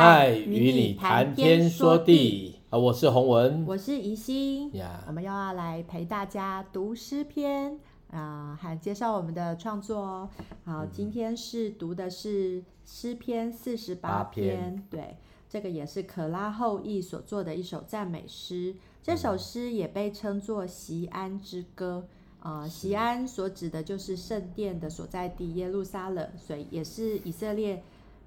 愛與你談天說地啊！地我是洪文，我是怡心，Yeah. 我們又要來陪大家讀詩篇啊、呃，還介紹我們的創作哦。好、呃，嗯、今天是讀的是詩篇四十八篇，對，這個也是可拉後裔所作的一首讚美詩。這首詩也被稱作《錫安之歌》啊、呃，錫安所指的就是聖殿的所在地耶路撒冷，所以也是以色列。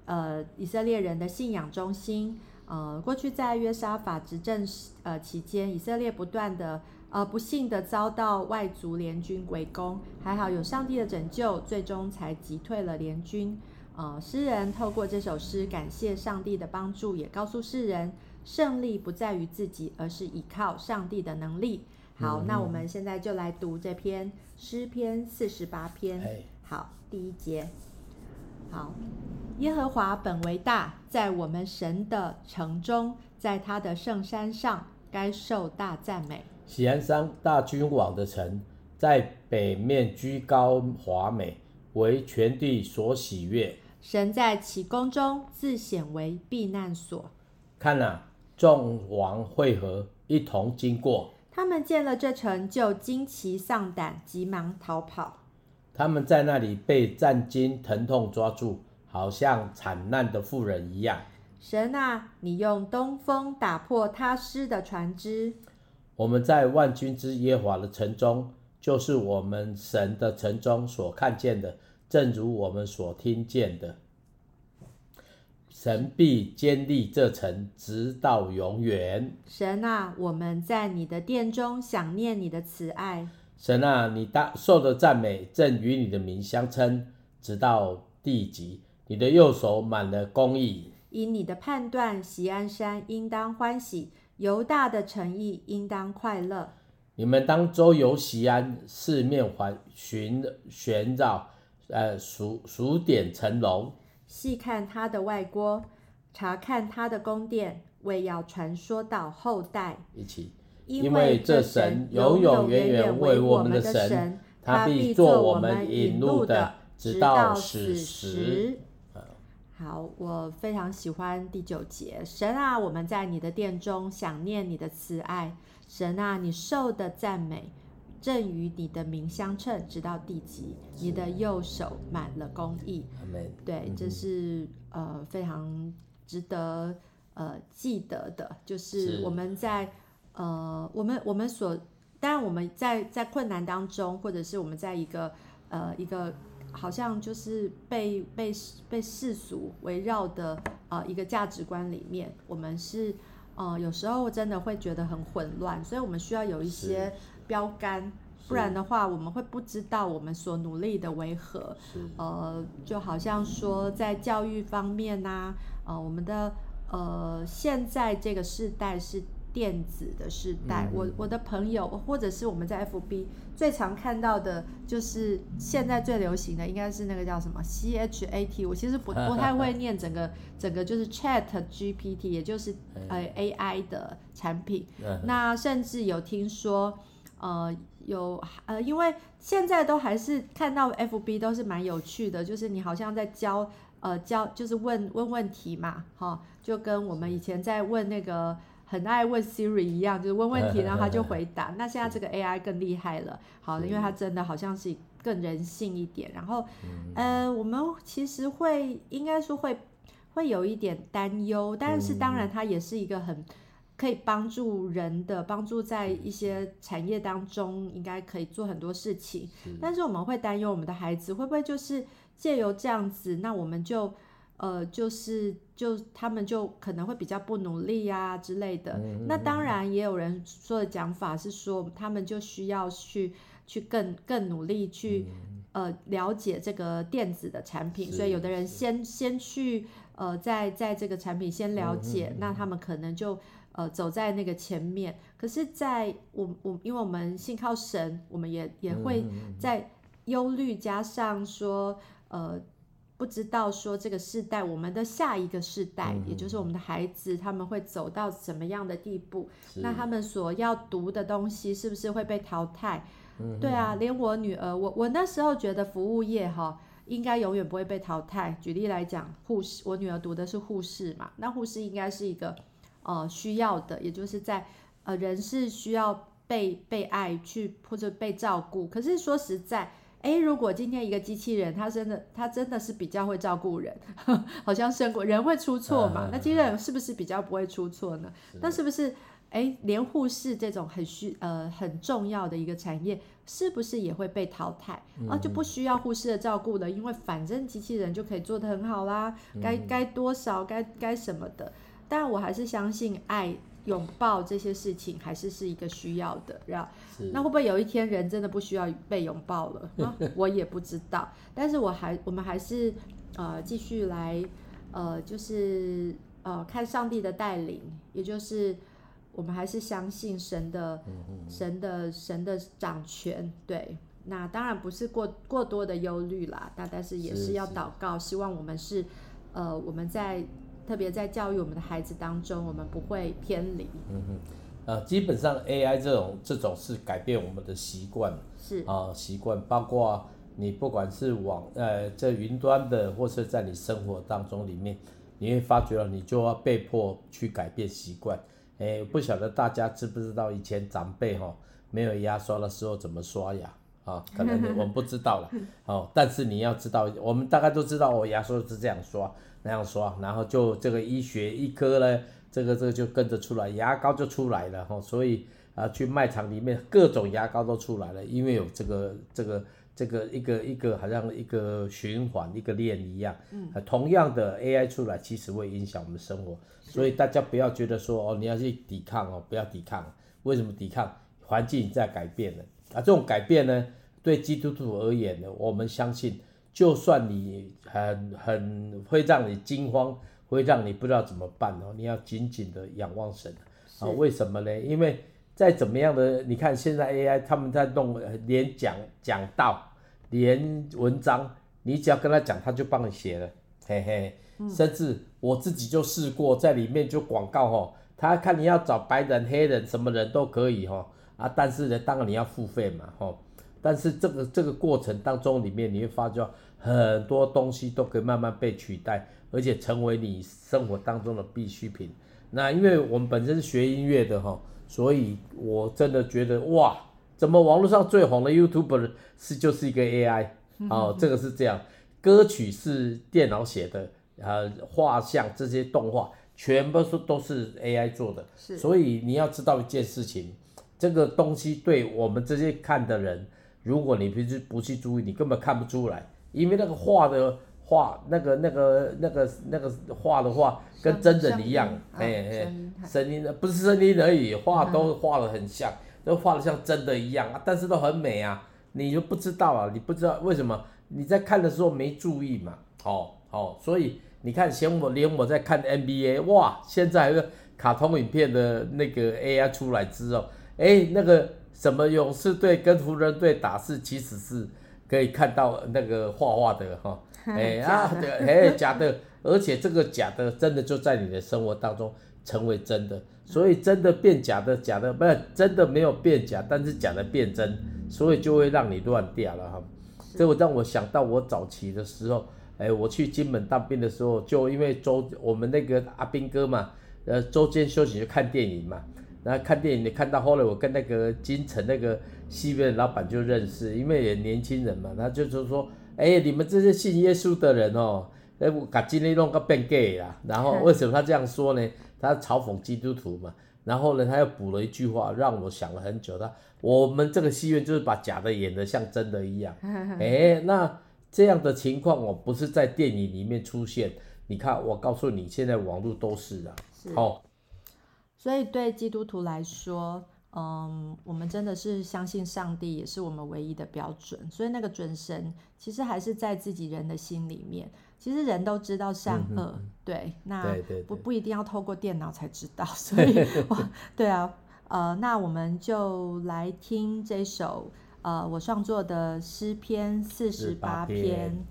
呃，以色列人的信仰中心。呃，過去在約沙法執政呃期間，以色列不斷的呃不幸的遭到外族聯軍圍攻，還好有上帝的拯救，最終才擊退了聯軍。呃，詩人透過這首詩感謝上帝的幫助，也告訴世人，勝利不在於自己，而是依靠上帝的能力。好，那我們現在就來讀這篇詩篇四十八篇。好，第一節。好。耶和華本為大，在我們神的城中，在他的聖山上，該受大讚美。錫安山，大君王的城，在北面居高華美，為全地所喜悅。神在其宮中自顯為避難所。看哪、啊，眾王會合，一同經過。他們見了這城，就驚奇喪膽，急忙逃跑。他們在那裡被戰兢疼痛抓住。好像產難的婦人一樣。神啊，你用東風打破他施的船隻。我們在萬軍之耶和華的城中，就是我們神的城中所看見的，正如我們所聽見的。神必堅立這城，直到永遠。神啊，我們在你的殿中想念你的慈愛。神啊，你受的讚美正與你的名相稱，直到地極。你的右手滿了公義，以你的判斷，錫安山應當歡喜，猶大的誠意應當快樂。你們當周遊錫安，四面環巡，旋繞，呃，數數點城樓，細看他的外郭，查看他的宮殿，為要傳說到後代。一起，因為這神永永遠遠為我們的神，他必做我們引路的，直到死時。好，我非常喜歡第九節。神啊，我們在你的殿中想念你的慈愛。神啊，你受的讚美正與你的名相稱，直到地極，你的右手滿了公義。美對，這是呃非常值得呃記得的，就是我們在是呃我們我們所當然我們在在困難當中，或者是我們在一個呃一個。好像就是被被被世俗圍繞的呃一個價值觀裡面，我們是呃有時候真的會覺得很混亂，所以我們需要有一些標杆，是不然的話我們會不知道我們所努力的為何。是呃，就好像說在教育方面吶、啊，呃我們的呃現在這個世代是。電子的時代，我我的朋友或者是我們在 F B、嗯、最常看到的，就是現在最流行的應該是那個叫什麼 C H A T。嗯、AT，我其實不不太會念整個 整個就是 Chat G P T，也就是、哎、呃 A I 的產品。哎、那甚至有聽說呃有呃，因為現在都還是看到 F B 都是蠻有趣的，就是你好像在教呃教就是問問問題嘛，哈，就跟我們以前在問那個。很愛問 Siri 一樣，就是問問題，然後他就回答。 那現在這個 AI 更厲害了， 好，因為它真的好像是更人性一點。 然後，呃，我們其實會，應該說會，會有一點擔憂。但是，當然，它也是一個很可以幫助人的， 幫助在一些產業當中，應該可以做很多事情。 但是，我們會擔憂我們的孩子會不會就是借由這樣子，那我們就。呃，就是就他們就可能會比較不努力呀、啊、之類的。嗯、那當然也有人說的講法是說，他們就需要去去更更努力去呃了解這個電子的產品。嗯、所以有的人先先去呃在在這個產品先了解，嗯、那他們可能就呃走在那個前面。可是在我我因為我們信靠神，我們也也會在憂慮加上說呃。不知道說這個世代，我們的下一個世代，嗯、哼也就是我們的孩子，他們會走到什麼樣的地步？是那他們所要讀的東西是不是會被淘汰？嗯、哼對啊，連我女兒，我我那時候覺得服務業哈、哦，應該永遠不會被淘汰。舉例來講，護士，我女兒讀的是護士嘛，那護士應該是一個呃需要的，也就是在呃人是需要被被愛去或者被照顧。可是說實在。誒，如果今天一個機器人，它真的，它真的是比較會照顧人，呵好像勝過人會出錯嘛。啊、那機器人是不是比較不會出錯呢？是那是不是，誒，連護士這種很需呃很重要的一個產業，是不是也會被淘汰？嗯、啊？就不需要護士的照顧了，因為反正機器人就可以做得很好啦。嗯、該該多少，該該什麼的。但我還是相信愛。擁抱這些事情還是是一個需要的，然後是那會不會有一天人真的不需要被擁抱了？啊？我也不知道。 但是我還我們還是呃繼續來呃就是呃看上帝的帶領，也就是我們還是相信神的神的神的，神的掌權。對，那當然不是過過多的憂慮啦，但是也是要禱告，是是希望我們是呃我們在。特別在教育我們的孩子當中，我們不會偏離。嗯呃，基本上 AI 這種這種是改變我們的習慣，是啊，習慣、呃、包括你不管是網呃在雲端的，或是在你生活當中裡面，你會發覺到你就要被迫去改變習慣。哎、欸，不曉得大家知不知道以前長輩齁沒有牙刷的時候怎麼刷牙？啊、哦，可能我們不知道了，哦，但是你要知道，我們大概都知道，我、哦、牙刷是這樣刷那樣刷，然後就這個醫學一科呢，這個這個就跟着出來，牙膏就出來了，哈、哦，所以啊，去賣場裡面各種牙膏都出來了，因為有這個這個這個一個一個好像一個循環一個鏈一樣，嗯，同樣的 AI 出來，其實會影響我們生活，是所以大家不要覺得說哦，你要去抵抗哦，不要抵抗，為什麼抵抗？環境在改變了。啊，這種改變呢，對基督徒而言呢，我們相信，就算你很很會讓你驚慌，會讓你不知道怎麼辦哦，你要緊緊的仰望神是啊。為什麼呢？因為再怎麼樣的，你看現在 AI 他們在弄，連講講道，連文章，你只要跟他講，他就幫你寫了，嘿嘿。甚至我自己就試過在裡面就廣告哈，他看你要找白人、黑人什麼人都可以哈。啊，但是呢，當然你要付費嘛，吼、哦。但是這個這個過程當中裡面，你會發現很多東西都可以慢慢被取代，而且成為你生活當中的必需品。那因為我們本身是學音樂的，哈、哦，所以我真的覺得哇，怎麼網絡上最紅的 YouTuber 是就是一個 AI？哦，嗯、哼哼這個是這樣，歌曲是電腦寫的，呃，畫像這些動畫全部都都是 AI 做的。是。所以你要知道一件事情。這個東西對我們這些看的人，如果你平時不去注意，你根本看不出來，因為那個畫的畫，那個那個那個、那個、那個畫的畫，跟真人一樣，哎哎，聲音的不是聲音而已，嗯、畫都畫的很像，嗯、都畫的像真的一樣啊，但是都很美啊，你就不知道啊，你不知道為什麼？你在看的時候沒注意嘛，哦哦，所以你看，前我連我在看 NBA，哇，現在還有卡通影片的那個 AI 出來之後。哎、欸，那個什麼勇士隊跟湖人隊打是，其實是可以看到那個畫畫的哈，哎、欸、假的 啊，對，哎、欸，假的， 而且這個假的真的就在你的生活當中成為真的，所以真的變假的，假的不是真的沒有變假，但是假的變真，所以就會讓你亂掉了哈。這會讓我想到我早期的時候，哎、欸，我去金門當兵的時候，就因為周我們那個阿兵哥嘛，呃，周間休息就看電影嘛。那看電影，你看到後來，我跟那個金城那個戲院老板就認識，因為也年輕人嘛，他就就說：“哎、欸，你們這些信耶穌的人哦、喔，哎、欸，把金立弄個變 gay 啦。”然後為什麼他這樣說呢？他嘲諷基督徒嘛。然後呢，他又補了一句話，讓我想了很久。他：“我們這個戲院就是把假的演得像真的一樣。”哎、 欸，那這樣的情況我不是在電影裡面出現，你看，我告訴你，現在網絡都是啊，好。所以對基督徒來說，嗯，我們真的是相信上帝，也是我們唯一的標準。所以那個準繩其實還是在自己人的心裡面。其實人都知道善惡，嗯、哼對，那不對對對不一定要透過電腦才知道。所以我，對啊，呃，那我們就來聽這首呃我創作的詩篇四十八篇。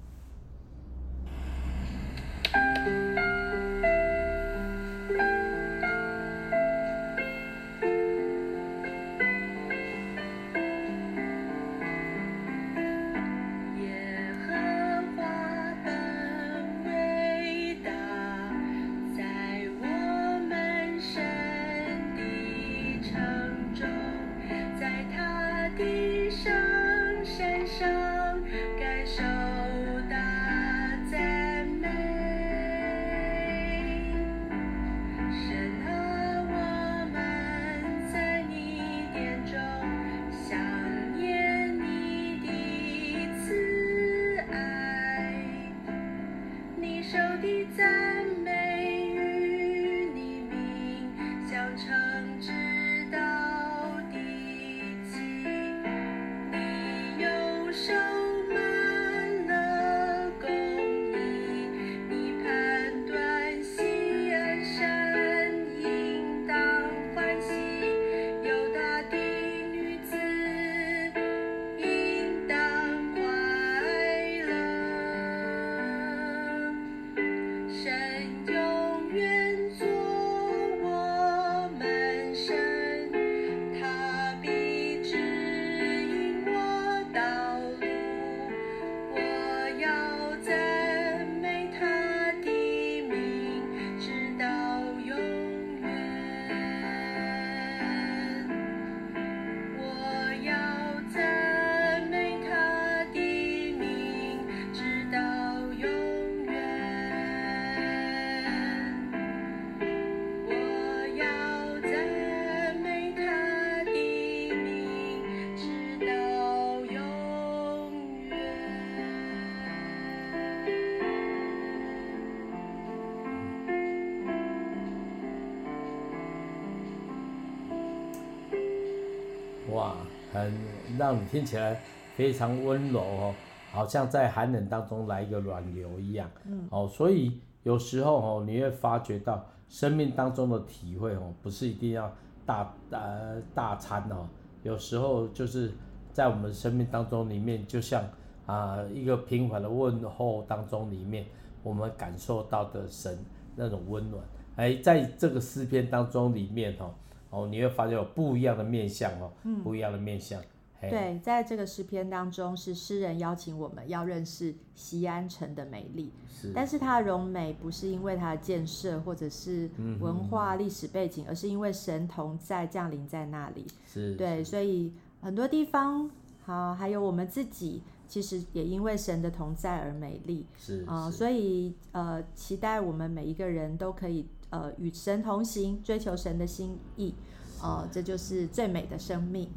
很、嗯、讓你聽起來非常溫柔哦，好像在寒冷當中來一個暖流一樣。嗯、哦，所以有時候哦，你會發覺到生命當中的體會哦，不是一定要大、呃、大餐哦，有時候就是在我們生命當中裡面，就像啊、呃、一個平凡的問候當中裡面，我們感受到的神那種溫暖。哎，在這個詩篇當中裡面哦。哦，你會發現有不一樣的面相哦，嗯、不一樣的面相。對，嘿在這個詩篇當中，是詩人邀請我們要認識錫安城的美麗。是，但是它的榮美不是因為它的建設或者是文化歷史背景，嗯、哼哼而是因為神同在降臨在那裡。是，對，是所以很多地方，好，還有我們自己，其實也因為神的同在而美麗。是，啊、呃，所以呃，期待我們每一個人都可以。呃，與神同行，追求神的心意，哦、呃，這就是最美的生命。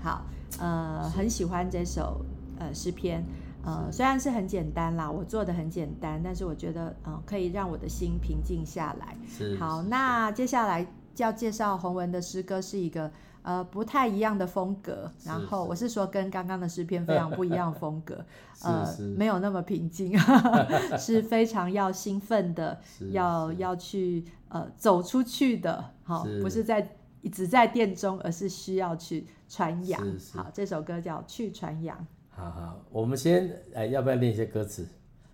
好，呃，很喜歡這首呃詩篇，呃，雖然是很簡單啦，我做得很簡單，但是我覺得、呃，可以讓我的心平靜下來。是好，是那接下來要介紹洪文的詩歌，是一個。呃，不太一樣的風格，然後我是說跟剛剛的詩篇非常不一樣風格，是是呃，沒有那麼平靜， 是非常要興奮的，是是要要去呃走出去的，好，是是不是在一直在殿中，而是需要去傳揚，是是好，這首歌叫《去傳揚》。好好，我們先哎，要不要念一些歌詞？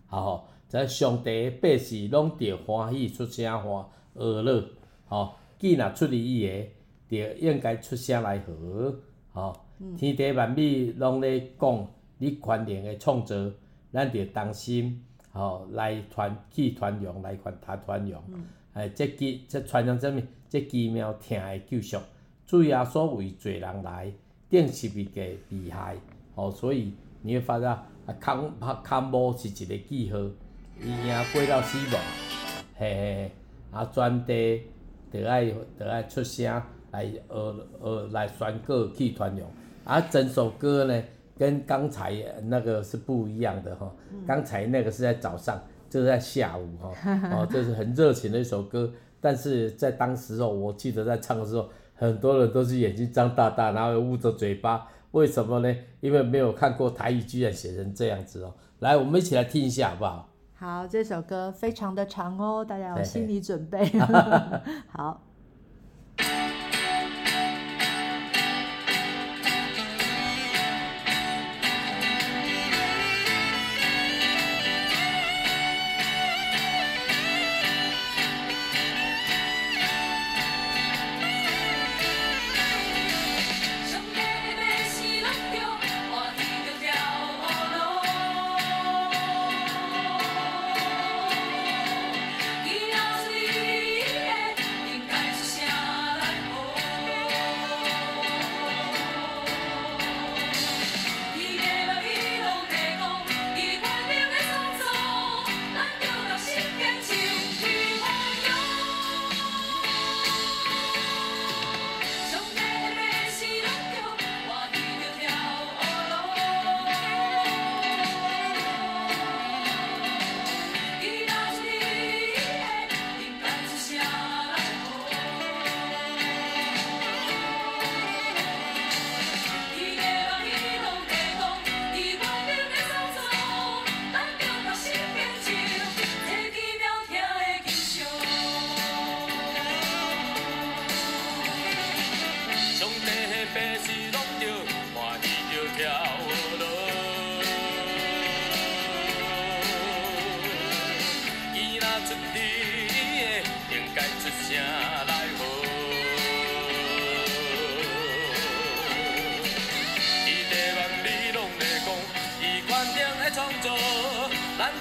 好，咱上帝輩是攏得歡喜出聲歡樂好，記那出哩一個。着應該出聲來和吼，天地萬物攏咧講，嗯、你權能個創造，咱着當心吼來傳去傳揚，來傳大傳揚。用團團用嗯、哎，即句即傳揚啥物？即奇妙聽個救贖。注意下，所謂濟人來，定是袂個厲害吼、哦。所以你會發現，啊，康康無是一個記號，伊贏過了死亡。嘿嘿啊，全地着愛着愛出聲。來，呃呃，來選歌去傳揚，而、啊、整首歌呢，跟剛才那個是不一樣的哈。哦嗯、剛才那個是在早上，這、就是在下午哈。哦， 這是很熱情的一首歌，但是在當時哦，我記得在唱的時候，很多人都是眼睛張大大，然後又捂着嘴巴，為什麼呢？因為沒有看過台語，居然寫成這樣子哦。來，我們一起來聽一下好不好？好，這首歌非常的長哦，大家有心理準備。嘿 好。咱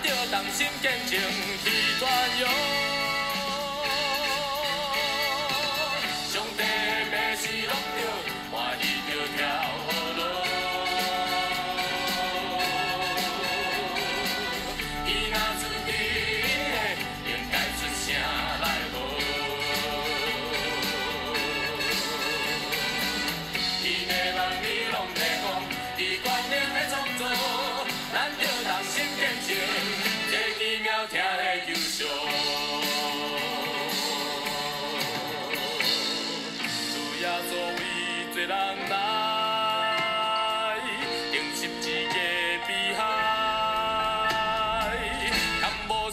就同心堅強去傳揚。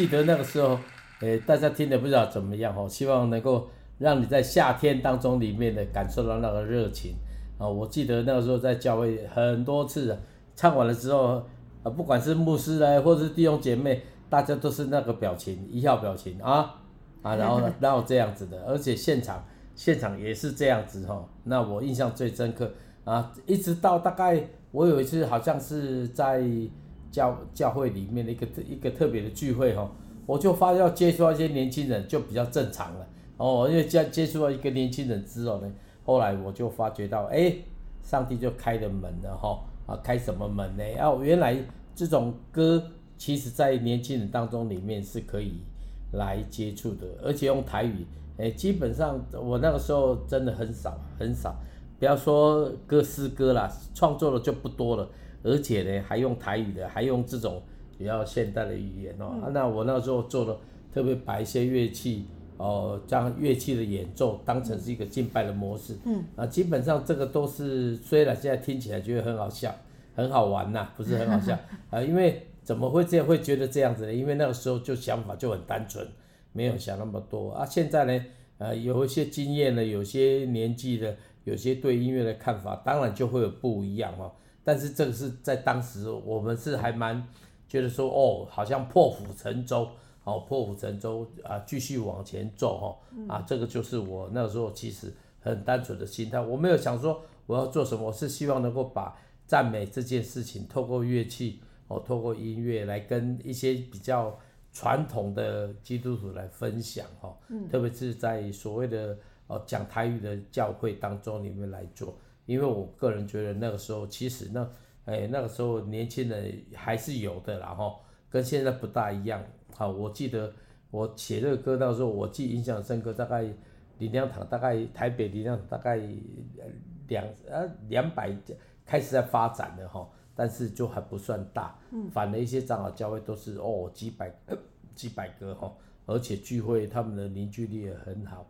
記得那個時候，誒，大家聽得不知道怎麼樣，希望能夠讓你在夏天當中裡面的感受到那個熱情啊。我記得那個時候在教會很多次，唱完了之後，啊，不管是牧師來或是弟兄姐妹，大家都是那個表情，一笑表情啊啊，然後然後這樣子的，而且現場現場也是這樣子哈、啊。那我印象最深刻啊，一直到大概我有一次好像是在。教教會裡面的一個，一個特一個特別的聚會哈、哦，我就發要接觸到一些年輕人就比較正常了哦，因為接接觸到一個年輕人之後呢，後來我就發覺到，哎，上帝就開了門了哈、哦，啊，開什麼門呢？哦、啊，原來這種歌其實在年輕人當中裡面是可以來接觸的，而且用台語，哎，基本上我那個時候真的很少很少，不要說歌詩歌啦，創作的就不多了。而且呢，還用台語的，還用這種比較現代的語言哦。嗯啊、那我那時候做的，特別把一些樂器，哦、呃，將樂器的演奏當成是一個敬拜的模式。嗯。啊，基本上這個都是，雖然現在聽起來覺得很好笑，很好玩吶、啊，不是很好笑， 啊。因為怎麼會這樣會覺得這樣子呢？因為那個時候就想法就很單純，沒有想那麼多啊。現在呢，呃，有一些經驗的，有些年紀的，有些對音樂的看法，當然就會有不一樣哦。但是這個是在當時，我們是還蠻覺得說，哦，好像破釜沉舟，哦，破釜沉舟啊，繼續往前走哦，啊，這個就是我那時候其實很單純的心態，我沒有想說我要做什麼，我是希望能夠把讚美這件事情透過樂器，哦，透過音樂來跟一些比較傳統的基督徒來分享哈，哦，特別是在所謂的哦講台語的教會當中裡面來做。因為我個人覺得那個時候，其實那，哎，那個時候年輕人還是有的啦哈，跟現在不大一樣。好，我記得我寫這個歌那個時候，我記印象深刻，大概靈糧堂，大概台北靈糧堂大概兩呃兩百家開始在發展了哈，但是就還不算大。嗯。反而一些長老教會都是哦幾百幾百個哈，而且聚會他們的凝聚力也很好。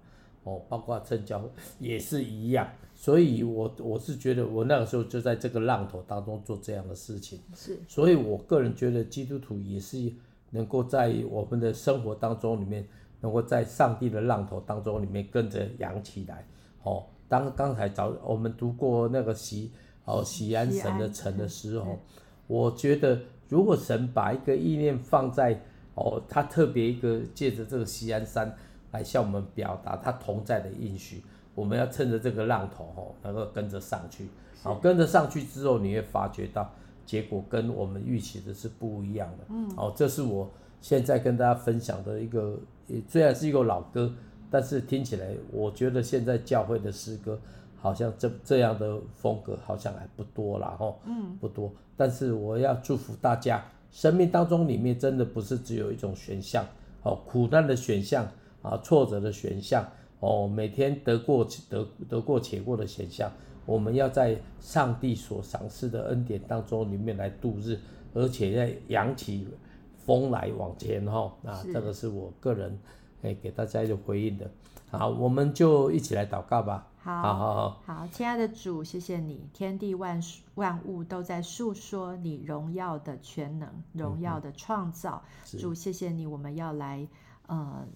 哦，包括成交也是一樣，所以我我是覺得我那個時候就在這個浪頭當中做這樣的事情。是，所以我個人覺得基督徒也是能夠在我們的生活當中裡面，嗯、能夠在上帝的浪頭當中裡面跟着揚起來。哦，當剛才早我們讀過那個錫哦錫安神的城的時候，我覺得如果神把一個意念放在哦，他特別一個借着這個錫安山，來向我們表達他同在的應許，我們要趁着這個浪頭吼，能夠跟着上去。是好，跟着上去之後，你會發覺到結果跟我們預期的是不一樣的。嗯，好、哦，這是我現在跟大家分享的一個，也雖然是一個老歌，但是聽起來我覺得現在教會的詩歌好像這這樣的風格好像還不多了吼。哦，嗯，不多。但是我要祝福大家，生命當中裡面真的不是只有一種選項，好、哦，苦難的選項。啊，挫折的選項哦，每天得過得得過且過的選項，我們要在上帝所賞賜的恩典當中裡面來度日，而且要揚起風來往前哈啊，是這個是我個人、欸、給大家一個回應的。好，我們就一起來禱告吧。好，好,好,好，好，好，親愛的主，謝謝你，天地萬萬物都在訴說你榮耀的全能，榮耀的創造。嗯嗯主，謝謝你，我們要來呃。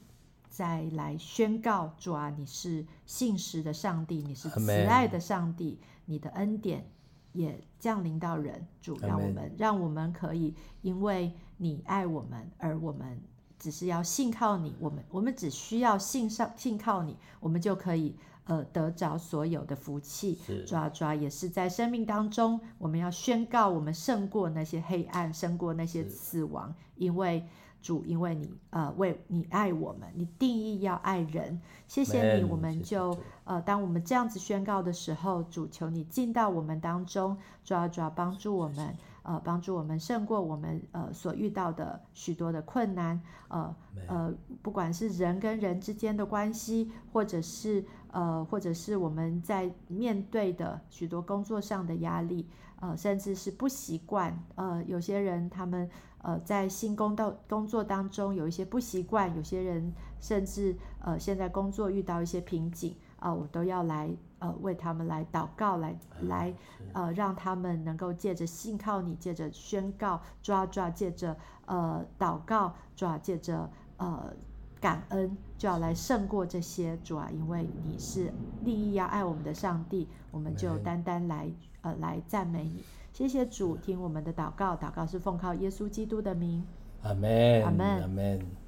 再來宣告主啊，你是信實的上帝，你是慈愛的上帝，Amen. 你的恩典也降臨到人。主讓我們，Amen. 讓我們可以因為你愛我們，而我們只是要信靠你，我們我們只需要信上信靠你，我們就可以呃得着所有的福氣。是主啊，主啊，也是在生命當中，我們要宣告我們勝過那些黑暗，勝過那些死亡，是因為。主，因為你，呃，為你愛我們，你定義要愛人，謝謝你，嗯、我們就，謝謝呃，當我們這樣子宣告的時候，主求你進到我們當中，抓抓幫助我們。謝謝。呃，幫助我們勝過我們呃所遇到的許多的困難，呃呃，不管是人跟人之間的關係，或者是呃，或者是我們在面對的許多工作上的壓力，呃，甚至是不習慣，呃，有些人他們呃在新工到工作當中有一些不習慣，有些人甚至呃現在工作遇到一些瓶頸啊，呃，我都要來。呃，為他們來禱告，來來，呃，讓他們能夠借着信靠你，借着宣告，主啊主啊，借着呃禱告，主啊，借着呃感恩，就要來勝過這些主啊，因為你是利益要愛我們的上帝，我們就單單來 Amen. 呃來讚美你。謝謝主，聽我們的禱告，禱告是奉靠耶穌基督的名。阿門，阿門阿門。